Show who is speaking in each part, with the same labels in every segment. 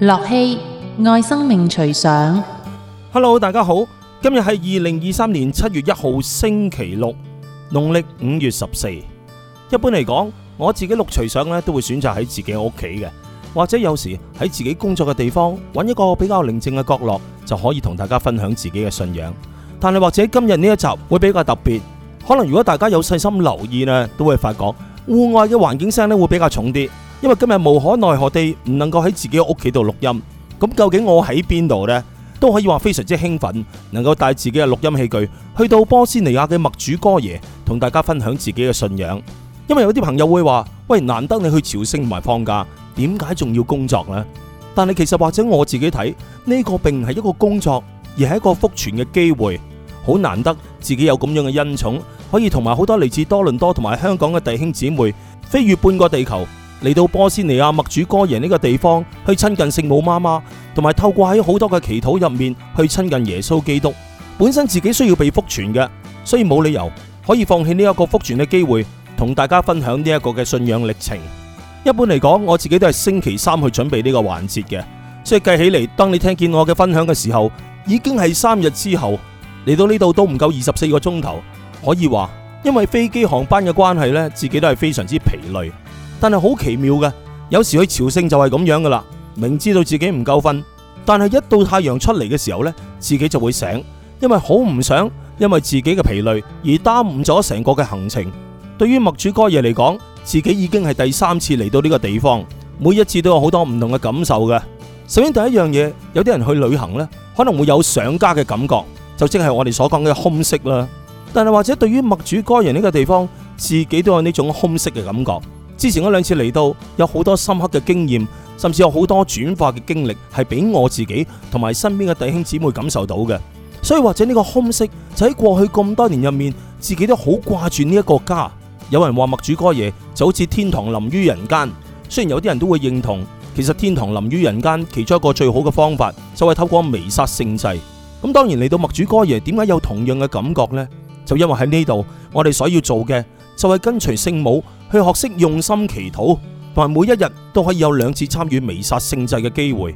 Speaker 1: 駱曦愛生命隨想，Hello，大家好，今日係二零二三年七月一號星期六，農曆五月十四。一般嚟講，我自己錄隨想呢，都會選擇喺自己屋企嘅，或者有時喺自己工作嘅地方，揾一個比較寧靜嘅角落，就可以同大家分享自己嘅信仰。但係或者今日呢一集會比較特別，可能如果大家有細心留意呢，都會發覺戶外嘅環境聲呢會比較重啲。因為今日無可奈何地唔能夠喺自己屋企度錄音，咁究竟我喺邊度呢？都可以話非常之興奮，能夠帶自己嘅錄音器具去到波斯尼亞嘅默主哥耶，同大家分享自己嘅信仰。因為有啲朋友會話：「喂，難得你去朝聖同埋放假，點解仲要工作呢？」但係其實或者我自己睇呢，這個並唔係一個工作，而係一個福傳嘅機會，好難得自己有咁樣嘅恩寵，可以同埋好多嚟自多倫多同埋香港嘅弟兄姊妹飛越半個地球。嚟到波斯尼亞默主哥耶呢個地方，去親近聖母媽媽，同埋透過喺好多嘅祈禱入面去親近耶穌基督。本身自己需要被福傳嘅，所以冇理由可以放棄呢一個福傳嘅機會，同大家分享呢一個嘅信仰歷程。一般嚟講，我自己都係星期三去準備呢個環節嘅，即係計起嚟，當你聽見我嘅分享嘅時候，已經係三日之後。嚟到呢度都唔夠二十四個鐘頭，可以話，因為飛機航班嘅關係呢，自己都係非常之疲累。但係好奇妙嘅，有時去朝聖就係咁樣噶啦。明知道自己唔夠瞓，但係一到太陽出嚟嘅時候呢，自己就會醒，因為好唔想，因為自己嘅疲累而耽誤咗成個嘅行程。對於默主哥耶嚟講，自己已經係第三次嚟到呢個地方，每一次都有好多唔同嘅感受嘅。首先第一樣嘢，有啲人去旅行呢，可能會有想家嘅感覺，就即係我哋所講嘅 homesick 啦。但係或者對於默主哥耶呢個地方，自己都有呢種 homesick 嘅感覺。之前嗰兩次嚟到，有好多深刻嘅經驗，甚至有好多轉化嘅經歷，係俾我自己同埋身邊嘅弟兄姊妹感受到嘅。所以或者呢個空隙就喺過去咁多年入面，自己都好掛住呢一個家。有人話默主哥耶就好似天堂臨於人間，雖然有啲人都會認同，其實天堂臨於人間其中一個最好嘅方法就係透過彌撒聖祭。咁當然嚟到默主哥耶，點解有同樣嘅感覺呢？就因為喺呢度，我哋所要做嘅就係、是、跟隨聖母。去學識用心祈禱，同埋每一日都可以有兩次參與彌撒聖祭嘅機會。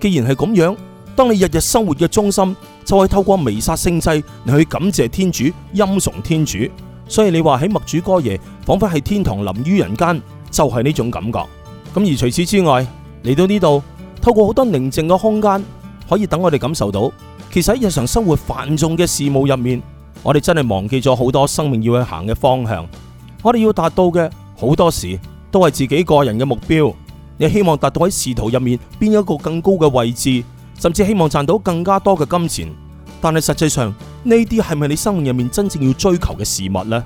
Speaker 1: 既然係咁樣，當你日日生活嘅中心就係透過彌撒聖祭嚟去感謝天主、欽崇天主。所以你話喺默主哥耶，仿佛係天堂臨於人間，就係呢種感覺。咁而除此之外，嚟到呢度，透過好多寧靜嘅空間，可以等我哋感受到，其實喺日常生活繁重嘅事務入面，我哋真係忘記咗好多生命要去行嘅方向。我哋要達到嘅好多時都係自己個人嘅目標，你希望達到喺仕途入面邊一個更高嘅位置，甚至希望賺到更加多嘅金錢。但係實際上呢啲係咪你生命入面真正要追求嘅事物呢？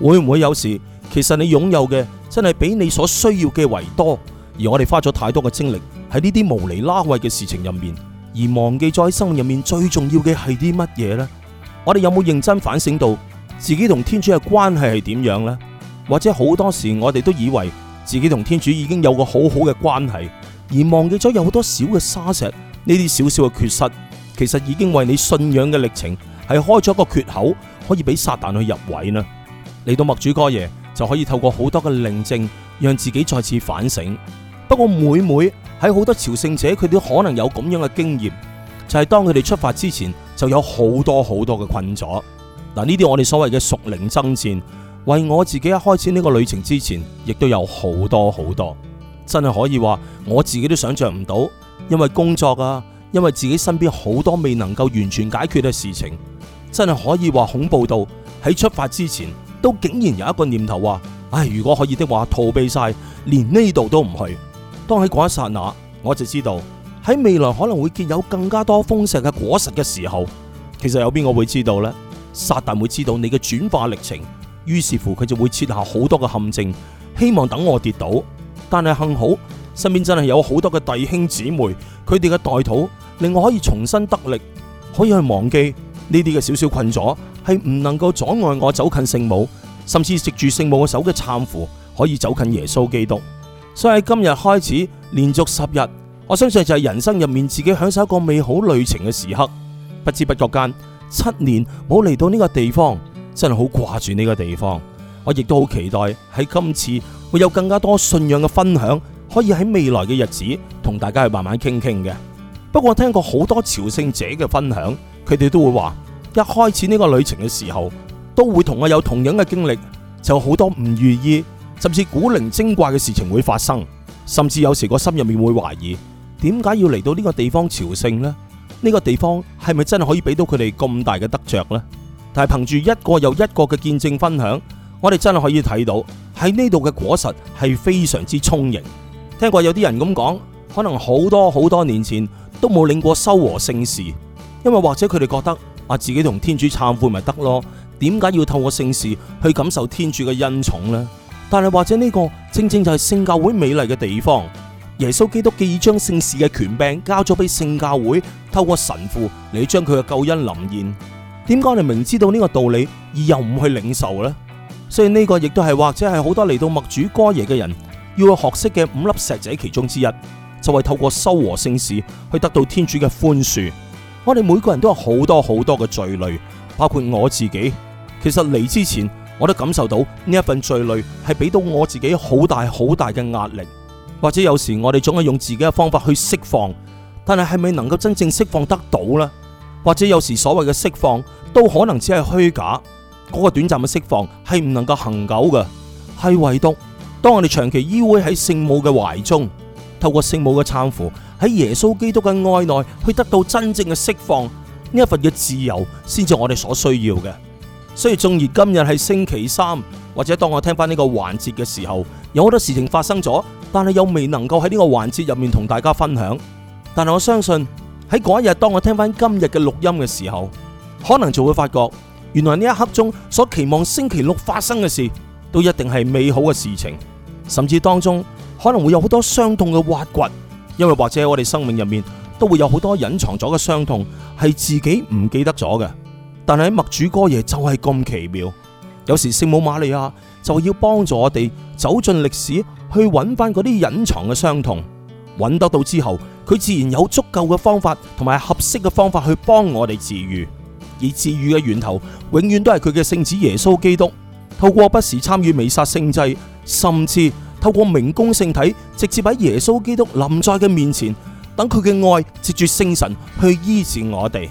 Speaker 1: 會唔會有時其實你擁有嘅真係比你所需要嘅為多，而我哋花咗太多嘅精力喺呢啲無厘拉位嘅事情入面，而忘記咗喺生活入面最重要嘅係啲乜嘢呢？我哋有冇認真反省到自己同天主嘅關係係點樣呢？或者好多時我哋都以為自己同天主已經有個好好嘅關係，而忘記咗有好多小嘅沙石，呢啲小小嘅缺失，其實已經為你信仰嘅歷程係開咗一個缺口，可以俾撒旦去入位啦。嚟到默主哥爺就可以透過好多嘅靈證，讓自己再次反省。不過每每喺好多朝聖者，佢哋都可能有咁樣嘅經驗，就係當佢哋出發之前就有好多好多嘅困阻。嗱，呢啲我哋所謂嘅屬靈爭戰。為我自己一開始呢個旅程之前，亦都有好多好多，真係可以話我自己都想象唔到。因為工作啊，因為自己身邊好多未能夠完全解決嘅事情，真係可以話恐怖到喺出發之前都竟然有一個念頭話：唉、哎，如果可以的話，逃避曬，連呢度都唔去。當喺嗰一剎那，我就知道喺未來可能會結有更加多豐碩嘅果實嘅時候，其實有邊個會知道呢？撒旦會知道你嘅轉化歷程。於是乎，佢就會設下好多嘅陷阱，希望等我跌倒。但係幸好，身邊真係有好多嘅弟兄姊妹，佢哋嘅代禱令我可以重新得力，可以去忘記呢啲嘅少少困阻，係唔能夠阻礙我走近聖母，甚至藉住聖母嘅手嘅攙扶，可以走近耶穌基督。所以喺今日開始，連續十日，我相信就係人生入面自己享受一個美好旅程嘅時刻。不知不覺間，七年冇嚟到呢個地方。真係好掛住呢個地方，我亦都好期待喺今次會有更加多信仰嘅分享，可以喺未來嘅日子同大家去慢慢傾傾嘅。不過我聽過好多朝聖者嘅分享，佢哋都會話，一開始呢個旅程嘅時候，都會同我有同樣嘅經歷，就好多唔如意，甚至古靈精怪嘅事情會發生，甚至有時個心入面會懷疑，點解要嚟到呢個地方朝聖呢？呢個地方係咪真係可以俾到佢哋咁大嘅得着呢？但係憑住一個又一個嘅見證分享，我哋真係可以睇到喺呢度嘅果實係非常之充盈。聽過有啲人咁講，可能好多好多年前都冇領過修和聖事，因為或者佢哋覺得啊自己同天主懺悔咪得咯，點解要透過聖事去感受天主嘅恩寵呢？但係或者呢個正正就係聖教會美麗嘅地方，耶穌基督既已將聖事嘅權柄交咗俾聖教會，透過神父嚟將佢嘅救恩臨現。點解我哋明知道呢個道理，而又唔去領受呢？所以呢個亦都係或者係好多嚟到默主哥耶嘅人要去學識嘅五粒石仔其中之一，就係透過修和聖事去得到天主嘅寬恕。我哋每個人都有好多好多嘅罪累，包括我自己。其實嚟之前，我都感受到呢一份罪累係俾到我自己好大好大嘅壓力。或者有時我哋總係用自己嘅方法去釋放，但係係咪能夠真正釋放得到呢？或者有時所謂嘅釋放，都可能只係虛假。嗰個短暫嘅釋放係唔能夠恆久嘅，係唯獨當我哋長期依偎喺聖母嘅懷中，透過聖母嘅攙扶，喺耶穌基督嘅愛內，去得到真正嘅釋放呢一份嘅自由，先至我哋所需要嘅。所以縱然今日係星期三，或者當我聽翻呢個環節嘅時候，有好多事情發生咗，但係又未能夠喺呢個環節入面同大家分享。但係我相信。喺嗰一日，當我聽翻今日嘅錄音嘅時候，可能就會發覺，原來呢一刻中所期望星期六發生嘅事，都一定係美好嘅事情，甚至當中可能會有好多傷痛嘅挖掘，因為或者喺我哋生命入面都會有好多隱藏咗嘅傷痛，係自己唔記得咗嘅。但係默主哥耶就係咁奇妙，有時聖母瑪利亞就要幫助我哋走進歷史去揾翻嗰啲隱藏嘅傷痛。揾得到之後，佢自然有足夠嘅方法同埋合適嘅方法去幫我哋治愈。而治愈嘅源頭永遠都係佢嘅聖子耶穌基督。透過不時參與彌撒聖祭，甚至透過明供聖體，直接喺耶穌基督臨在嘅面前，等佢嘅愛藉住聖神去醫治我哋。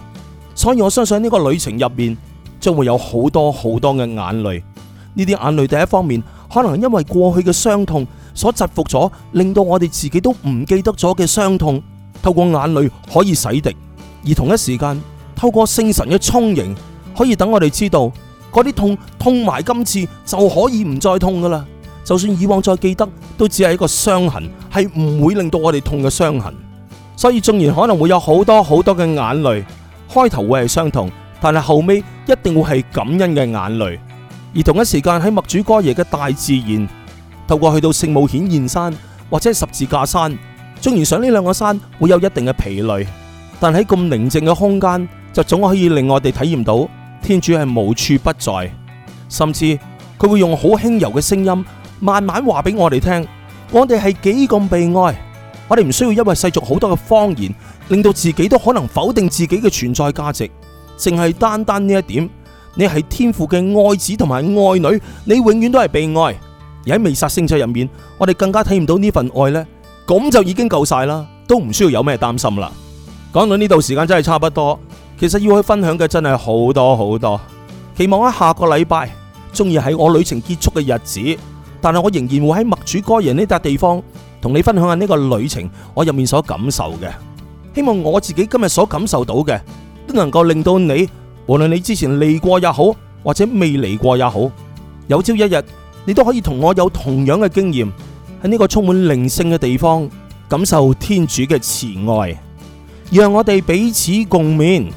Speaker 1: 所以我相信呢個旅程入面，將會有好多好多嘅眼淚。呢啲眼淚，第一方面可能因為過去嘅傷痛。所制服咗，令到我哋自己都唔記得咗嘅傷痛，透過眼淚可以洗滌；而同一時間，透過聖神嘅充盈，可以等我哋知道，嗰啲痛痛埋今次就可以唔再痛㗎喇。就算以往再記得，都只係一個傷痕，係唔會令到我哋痛嘅傷痕。所以縱然可能會有好多好多嘅眼淚，開頭會係傷痛，但係後尾一定會係感恩嘅眼淚。而同一時間喺默主哥耶嘅大自然。透過去到聖母顯現山或者十字架山，雖然上呢兩個山會有一定嘅疲累，但喺咁寧靜嘅空間，就總可以令我哋體驗到天主係無處不在。甚至佢會用好輕柔嘅聲音慢慢話俾我哋聽，我哋係幾咁被愛。我哋唔需要因為世俗好多嘅謊言，令到自己都可能否定自己嘅存在價值。淨係單單呢一點，你係天父嘅愛子同埋愛女，你永遠都係被愛。而喺彌撒聖祭入面，我哋更加睇唔到呢份愛呢，咁就已經夠晒啦，都唔需要有咩擔心啦。講到呢度，時間真係差唔多。其實要去分享嘅真係好多好多，期望喺下個禮拜，終於喺我旅程結束嘅日子，但係我仍然會喺默主歌耶呢笪地方同你分享下呢個旅程我入面所感受嘅。希望我自己今日所感受到嘅，都能夠令到你，無論你之前嚟過也好，或者未嚟過也好，有朝一日，你都可以同我有同樣嘅經驗，喺呢個充滿靈性嘅地方，感受天主嘅慈愛，讓我哋彼此共勉。